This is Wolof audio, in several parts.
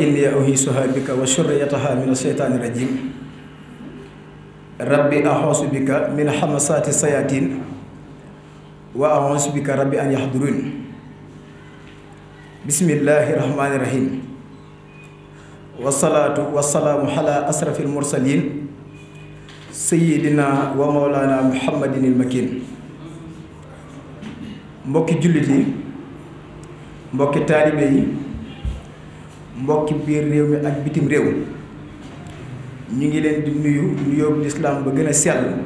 inni uhiisuha bika wa surriyataha min asheytaani rajim rabbi axoosu bika min xamasaati sayaatin wa axoosu bika rabbi an yaxduruun bismillaahi rahmaani rahiim wasalaatu wasalaamu ala asrafil mursaliin sayyidina wa mawlaana muhammadin il makiin mbokki jullit mbokki taalibe yi mbokki biir réew mi ak bitim réew ñu ngi leen di nuyu nuyoo lislaam ba gën a sell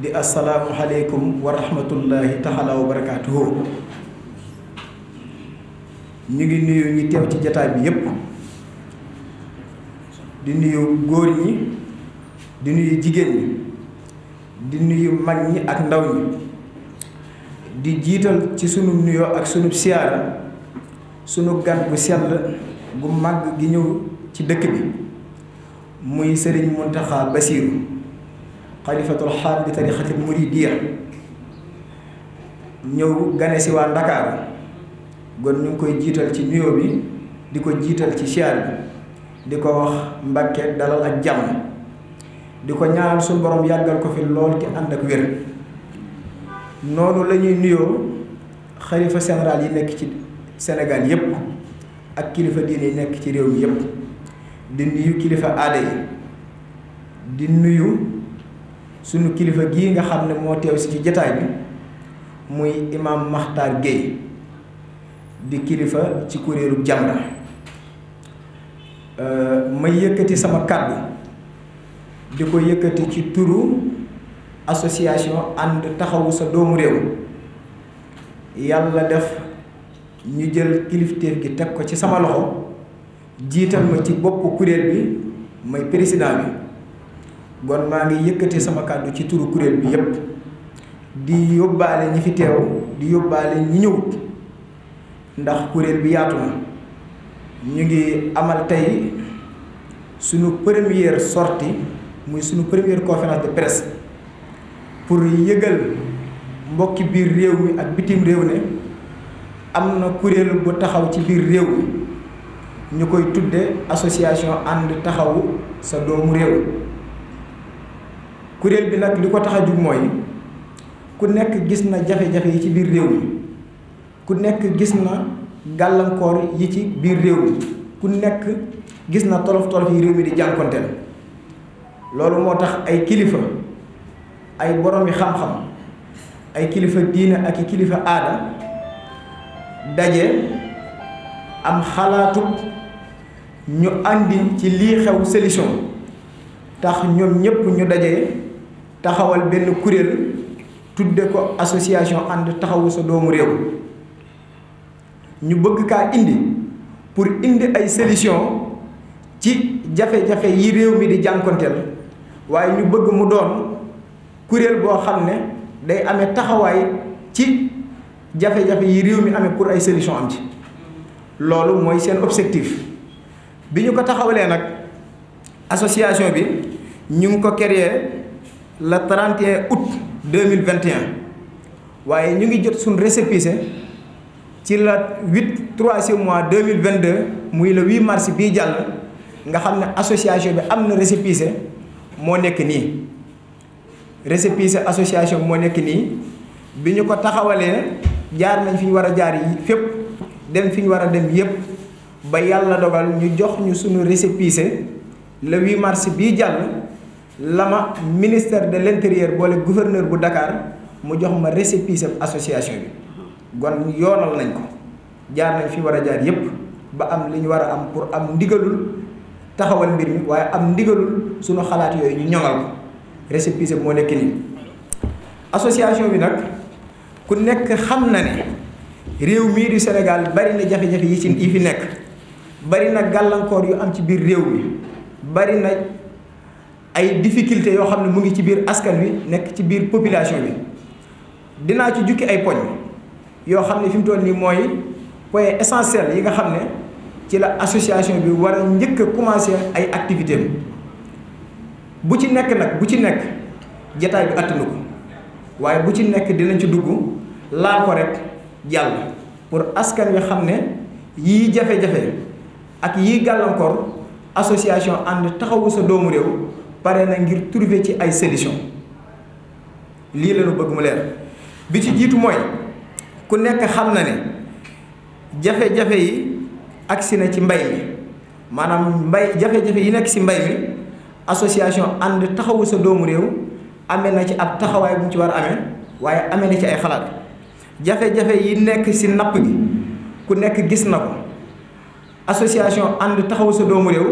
di assalaamu aleykum wa rahmatullahi wa barakaatuhu ñu ngi nuyu ñi teew ci jataay bi yépp di nuyu góor ñi di nuyu jigéen ñi di nuyu mag ñi ak ndaw ñi di jiital ci sunu nuyoo ak sunu siyaara sunu gan bu sell gu màgg gi ñëw ci dëkk bi muy sëriñ Muntaxa Basiiru xalifatul xaal bi tarixatil muridiya ñëw gane si waa Ndakaaru kon ñu ngi koy jiital ci nuyoo bi di ko jiital ci siyaar bi di ko wax Mbàkke dalal ak jàmm di ko ñaaral su borom yàggal ko fi lool te ànd ak wér noonu la nuyoo xalifa général yi nekk ci senegal yépp ak kilifa diine yi nekk ci réew mi di nuyu kilifa aada yi di nuyu sunu kilifa gii nga xam ne moo teew si ci jataay bi muy imam Makhtar Gueye di kilifa ci kuréelu Jamra euh, may yëkkati sama kàddu di ko yëkkati ci turu association ànd taxawu sa doomu réew yàlla def ñu jël kilifteef gi teg ko ci sama loxo jiital ma ci bopp kuréel bi may président bi bon maa ngi yëkkati sama kàddu ci turu kuréel bi yépp di yóbbaale ñi fi teew di yóbbaale ñi ñëwut ndax kuréel bi yaatu na ñu ngi amal tey suñu première sortie muy suñu première conférence de presse pour yëgal mbokki biir réew mi ak bitim réew ne am na kuréel bu taxaw ci biir réew mi ñu koy tudde association ànd taxawu sa doomu réew kuréel bi nag li ko tax a jug mooy ku nekk gis na jafe-jafe yi ci biir réew mi ku nekk gis na gàllankoor yi ci biir réew ku nekk gis na tolof-tolof yi réew mi di jànkonteel loolu moo tax ay kilifa ay boroomi xam-xam ay kilifa diine ak i kilifa aada daje am xalaatu ñu andi ci lii xew solution tax ñoom ñëpp ñu daje taxawal benn kuréel tudde ko association ànd taxawu sa doomu réew ñu bëgg kaa indi pour indi ay solution ci jafe-jafe yi réew mi di jànkonteel waaye ñu bëgg mu doon kuréel boo xam ne day ame taxawaay ci jafe-jafe yi réew mi amee pour ay solution am ci loolu mooy seen objectif bi ñu ko taxawalee nag association bi ñu ngi ko créer le 31 août 2021 waaye ñu ngi jot suñ récépissé ci la 8 3e mois deux 2022 muy le 8 mars bii jàll nga xam ne association bi am na récépissé moo nekk nii récépissé association bi moo nekk nii bi ñu ko taxawalee jaar nañ fi ñu war a jaar yi fépp dem fi ñu war a dem yépp ba yàlla dogal ñu jox ñu suñu récépissé le 8 mars bii jàll la ma ministère de l'intérieur boole gouverneur bu Dakar mu jox ma récépissé association bi kon yoonal nañ ko jaar nañ fi war a jaar yépp ba am li ñu war a am pour am ndigalul taxawal mbir mi waaye am ndigalul suñu xalaat yooyu ñu ñoŋal ko récépissé moo nekk nii association bi nag ku nekk xam na ne réew mii di Sénégal bari na jafe-jafe yi ci yi fi nekk bari na gàllankoor yu am ci biir réew mi bari na ay difficultés yoo xam ne mu ngi ci biir askan wi nekk ci biir population bi dinaa ci jukki ay poñ yoo xam ne fi mu toll nii mooy point essentiel yi nga xam ne ci la association bi war a njëkk a commencé ay activités bu ci nekk nag bu ci nekk jataay bi attanu ko waaye bu ci nekk dinañ ci dugg. laal ko rek jàll pour askan wi xam ne yii jafe-jafe ak yii gàllankoor association ànd taxawu sa doomu réew pare na ngir trouver ci ay solution lii lañu bëgg mu leer bi ci jiitu mooy ku nekk xam na ne jafe-jafe yi agsi na ci mbay yi maanaam mbay jafe-jafe yi nekk si mbay mi association ànd taxawu sa doomu réew amee na ci ab taxawaay bu mu ci war a amee waaye amee na ci ay xalaat jafe-jafe yi nekk si napp gi ku nekk gis na ko association ànd taxawu sa doomu réew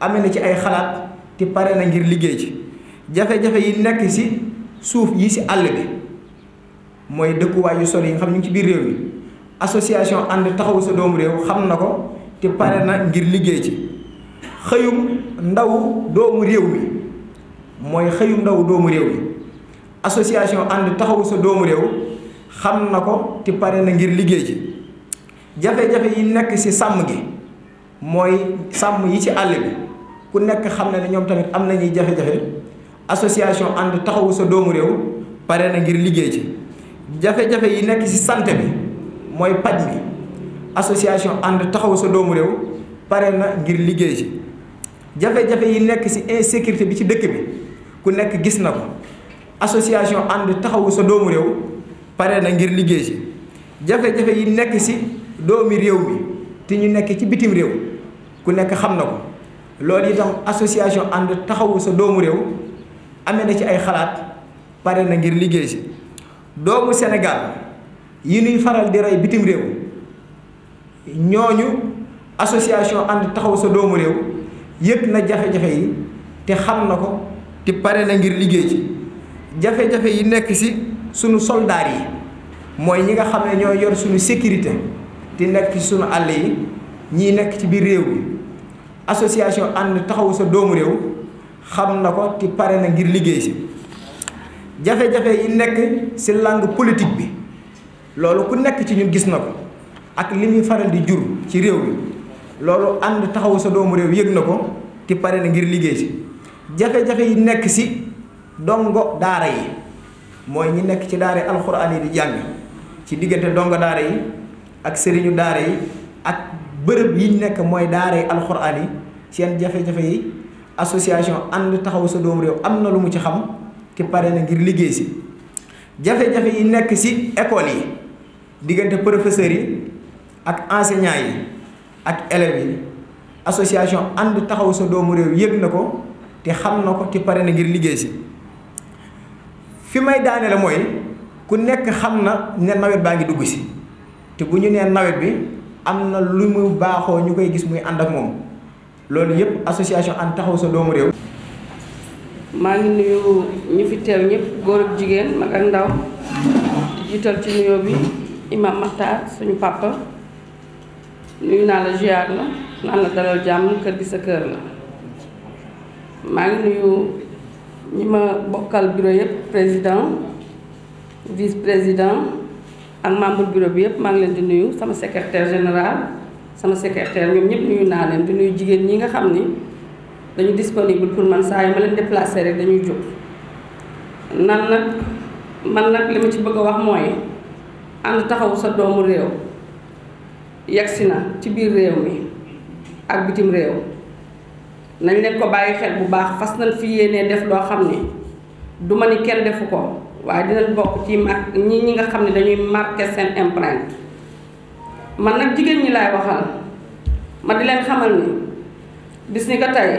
amee na ci ay xalaat te pare na ngir liggéey jafe-jafe yi nekk ci suuf yi ci àll bi mooy dëkkuwaay yu sori yi xam ñu ngi ci biir réew mi association ànd taxawu sa doomu réew xam na ko te pare na ngir liggéey ci xëyum ndaw doomu réew mi mooy xëyum ndaw doomu réew mi association ànd taxawu sa doomu réew xam na ko ti pare na ngir liggéey ci jafe-jafe yi nekk ci sàmm gi mooy sàmm yi ci àll bi ku nekk xam na ne ñoom tamit am nañuy jafe association ànd taxawu sa doomu réew pare na ngir liggéey ci jafe-jafe yi nekk ci santé bi mooy paj mi association ànd taxawu sa doomu réew pare na ngir liggéey ci jafe-jafe yi nekk ci insécurité bi ci dëkk bi ku nekk gis na ko association ànd taxawu sa doomu réew pare na ngir liggéey si jafe-jafe yi nekk si doomi réew mi te ñu nekk ci bitim réew ku nekk xam na ko loolu itam association ànd taxawu sa doomu réew amee na ci ay xalaat pare na ngir liggéey si doomu senegal yi nuy faral di rey bitim réew ñooñu association ànd taxawu sa doomu réew yëpp na jafe-jafe yi te xam na ko te pare na ngir liggéey ci jafe-jafe yi nekk si sunu soldaar yi mooy ñi nga xam ne ñoo yor suñu sécurité di nekk ci sunu àll yi ñii nekk ci biir réew mi association ànd taxawu sa doomu réew xam na ko te pare na ngir liggéey si jafe-jafe yi nekk si langue politique bi loolu ku nekk ci ñun gis na ko ak li muy faral di jur ci réew mi loolu ànd taxawu sa doomu réew yëg na ko te pare na ngir liggéey jafe-jafe yi nekk si dongo daara yi mooy ñu nekk ci daara alxuraan yi di jàng ci diggante dongo daara yi ak sëriñu daara yi ak bërëb yi nekk mooy daara yi alxuraan yi seen jafe-jafe yi association ànd taxaw sa doomu réew am na lu mu ci xam te pare na ngir liggéey si jafe yi nekk si école yi diggante professeurs yi ak enseignants yi ak élèves yi association ànd taxaw sa doomu réew yëg na ko te xam na ko te pare na ngir liggéey si fi may daane la mooy ku nekk xam na ne nawet baa ngi dugg si te bu ñu nee nawet bi am na lu mu baaxoo ñu koy gis muy ànd ak moom loolu yëpp association ànd taxaw sa doomu réew. maa ngi nuyu ñu fi teew ñëpp góor ak jigéen mag ndaw di jiital ci nuyoo bi imam Makhtar suñu papa nuyu naa la ziar la naan la dalal jàmm kër gi sa kër la maa ngi nuyu. ñu ma bokkal bureau yëpp président vice président ak membre bureau bi yëpp maa ngi leen di nuyu sama secretaire général sama secrétaire ñoom ñëpp nuyu naa leen di nuyu jigéen ñi nga xam ni dañu disponible pour man saa yu ma leen déplacé rek dañuy jóg. nan nag man nag li ma ci bëgg a wax mooy ànd taxawu sa doomu réew yegsi na ci biir réew mi ak bitim réew. nañu leen ko bàyyi xel bu baax fas nañ fi yéenee def loo xam ni du ma ni kenn defu ko waaye dinañ bokk ci mar ñi ñi nga xam ne dañuy marqué seen empreinte man nag jigéen ñi laay waxal ma di leen xamal ni bis ni ko tey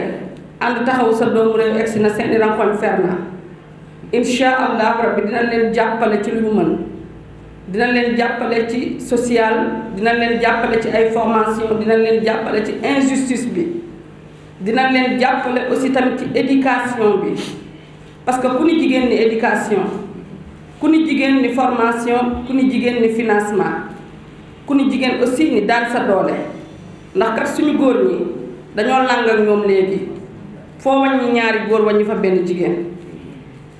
ànd taxawu sa doomu réew egsi na seeni rankoñ fer na incha allah bi dina leen jàppale ci lu dina leen jàppale ci social dinañ leen jàppale ci ay formation dinañ leen jàppale ci injustice bi dina leen jàppale aussi tamit ci éducation bi parce que ku ni jigéen ni éducation ku ni jigéen ni formation ku ni jigéen ni financement ku ni jigéen aussi ni daal sa doole ndax kat suñu góor ñi dañoo làng ak ñoom léegi foo wàññi ñaari góor wañ wàññi fa benn jigéen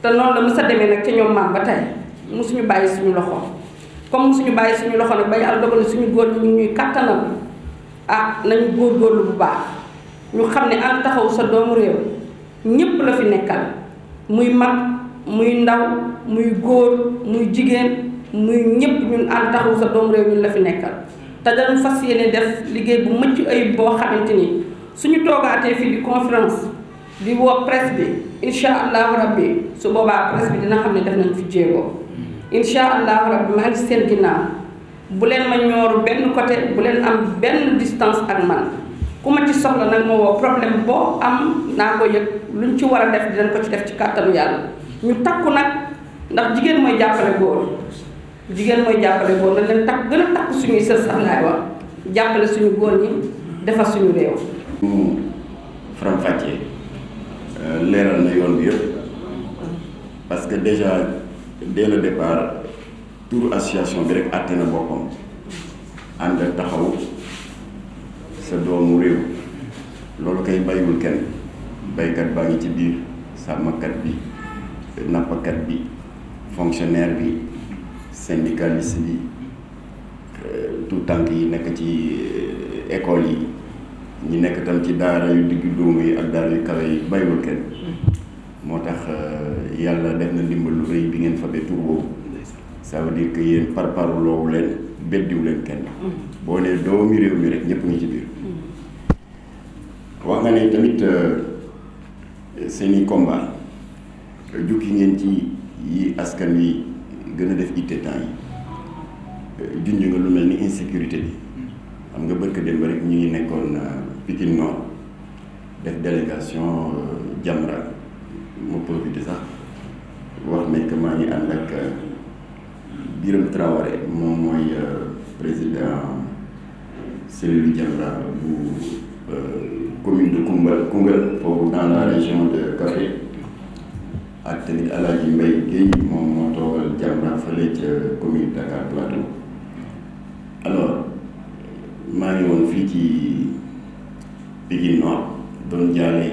te noonu la mu sa demee nag ca ñoom maam ba tey suñu bàyyi suñu loxo comme suñu bàyyi suñu loxo nag ba yàlla dogal suñu góor ñi ñuy kattanal ah nañu góorgóorlu bu baax. ñu xam ne ànd taxaw sa doomu réew ñépp la fi nekkal muy mag muy ndaw muy góor muy jigéen muy ñépp ñun ànd taxaw sa doomu réew ñun la fi nekkal te dañu fas yéene def liggéey bu mëcc ayib boo xamante ni suñu toogaatee fii di conférence di woo presse bi incha allahu bi su boobaa presse bi dina xam ne def nañ fi jéego incha allahu rabbi maa ngi seen ginnaaw bu leen ma ñooru benn côté bu leen am benn distance ak man ku ma ci soxla nag moo problème boo am naa ko yëg luñ ci war a def dinañ ko ci def ci kàttanu yàlla ñu takku nag ndax jigéen mooy jàppale góor jigéen mooy jàppale góor nañ leen takk gën a takku suñuy sër sax laay wax jàppale suñu góor ñi defar suñu réew. mu faram-fàccee euh, leeral na yoon bi yëpp parce que déjà dès le départ tour association bi rek àtte na boppam ànd taxaw. sa doomu réew loolu kay bàyyiwul kenn baykat baa ngi ci biir sàmmkat bi nappkat bi fonctionnaire bi syndicaliste bi euh, tout tànk yi nekk ci euh, école yi ñu nekk tam ci daara yu digg dóomu yi ak daara kawe yi bàyyiwul kenn moo tax euh, yàlla def na ndimbal lu rëy bi ngeen fabe tur boobu ça veut dire que yéen parparloowu leen beddiwu leen kenn mm. boo nee doomi réew mi rek ñëpp ngi ci biir wax nga ne tamit euh, seeni combat jukki ngeen ci yi askan wi gën a def itte temps yi euh, junj nga lu mel ni insécurité bi xam nga bërka dem ba rek nekkoon euh, Pikine Nord def délégation Jamra mu profité sax wax ne que maa ngi ànd ak Biram Traoré moom mooy président cellule Jamra bu commune de Koungheul Koungheul foofu dans la région de Kaffrine ak tamit El Hadj Mbaye Guèye moom moo toogal Jamra fële ca commune Dakar Plateau alors maa ngi fii ci Pikine Nord doon jaale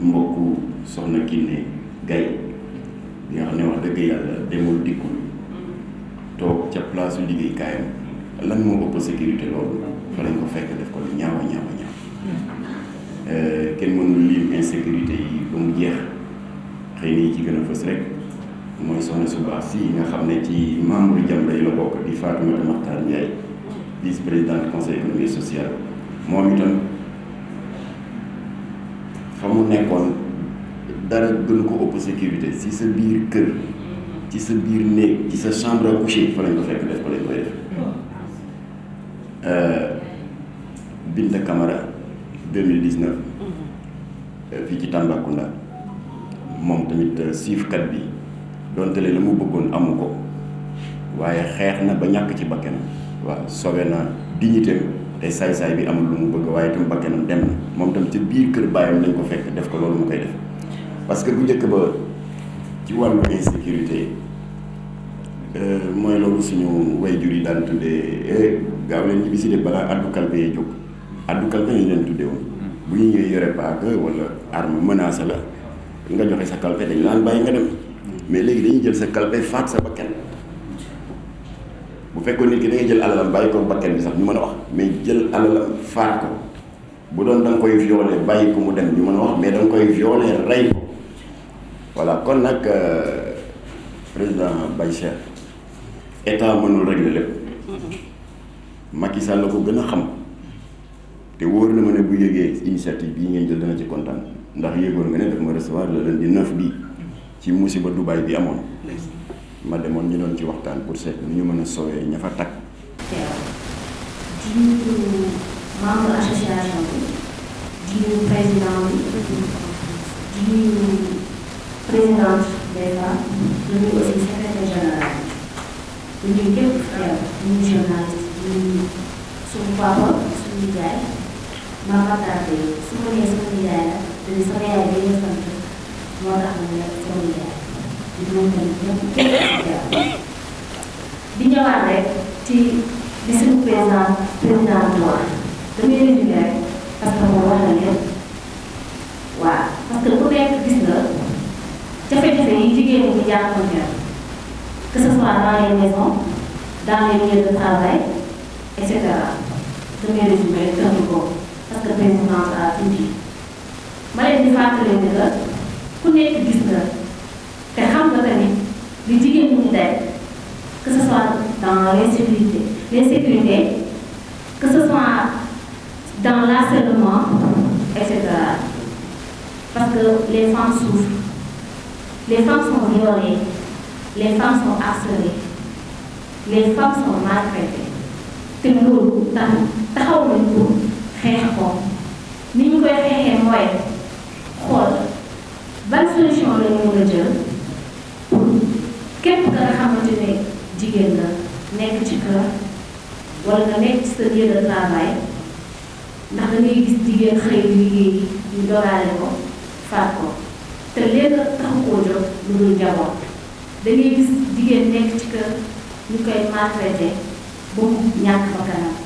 mbokku soxna Kiné Gaye bi nga xam ne wax dëgg yàlla demul dikkul toog ca place su liggéeykaayam lan moo ëpp sécurité loolu fa lañ ko fekk def ko lu ñaaw a ñaaw Euh, kenn mënul lim insécurité yi ba mu jeex xëy na ci gën a fës rek mooy soxna su baax si nga xam ne ci membre Jamra yi la bokk di Fatoumata Makhtar Ndiaye vice présidente conseil économique social moom itam fa mu nekkoon dara gën ko ëpp sécurité si sa biir kër ci sa biir néeg ci sa chambre à coucher fa lañ ko fekk def ko lañ koy def euh, Binta Camara 2019 mm-hmm. euh, fii ci Tambacounda moom tamit euh, siifkat bi donte la mu bëggoon amu ko waaye xeex na ba ñàkk ci bakkanam waaw sowe na dignité te saay-saay bi amul lu mu bëgg waaye tam bakkanam dem na moom tam ci biir kër bàyyam lañ ko fekk def ko loolu mu koy def parce que bu njëkk ba ci wàllu insécurité euh, mooy loolu suñu way jur yi daan tuddee eh, gaaw leen ñibbi si de balaa addu kalbe yee jóg àddugal ko ñu leen tuddee woon mm-hmm. bu ñu ñëwee yore paaka mën a menacé la nga joxe sa kalpe dañu naan bàyyi nga dem mm-hmm. mais léegi dañuy jël sa kalpe faat sa bakkan bu fekkoon nit ki da ngay jël alalam bàyyi ko bakkan bi sax ñu mën a wax mais jël alalam faat ko bu doon da nga koy violé bàyyi ko mu dem ñu mën a wax mais da nga koy violé rey ko voilà kon nag euh, président Baye Cheikh état mënul régler lépp mm-hmm. Macky la ko gën a xam te wóor na ma ne bu yëgee initiative bii ngeen jël dana ci kontaan ndax yëgoon nga ne daf ma recevoir le lundi 9 bii ci musiba Dubaay bi amoon. ma demoon ñu doon ci waxtaan pour seet ni ñu mën a soowee ñu fa takk. di suñu jaay. ma kontaan su ma nee sama nijaay la te sama yaay bi nga sant moo tax ma nekk sama nijaay di moom tamit ñëpp di ñëwaat rek ci li suñu président président bi wax damay résumé rek parce que moom wax na lépp waaw parce que ku nekk gis nga jafe-jafe yi jigéen ñi di jànkuwanteel que ce soit dans les maisons dans les lieux de travail et cetera damay résumé tënk ko. 80% à tuuti ma leen di fàttali ne la ku nekk gis nga te xam nga tamit li jigéen ñi ñu daj que ce soit dans l'insécurité l'insécurité que ce soit dans l'harcèlement et cetera parce que les femmes souffrent les femmes sont violées les femmes sont harcelées les femmes sont maltraitées te loolu tax taxaw nañ ko. xeex ko ni ñu koy xeexee mooy xool ban solution la ñu jël pour ka nga xamante ne jigéen la nekk ci kër wala nga nekk ci sa lieu de ndax dañuy gis jigéen xëy liggéey ñu doraale ko faat ko te léegi taxu koo jóg lu dul njaboot dañuy gis jigéen nekk ci kër ñu koy maltraité ba mu ñàkk ba kanam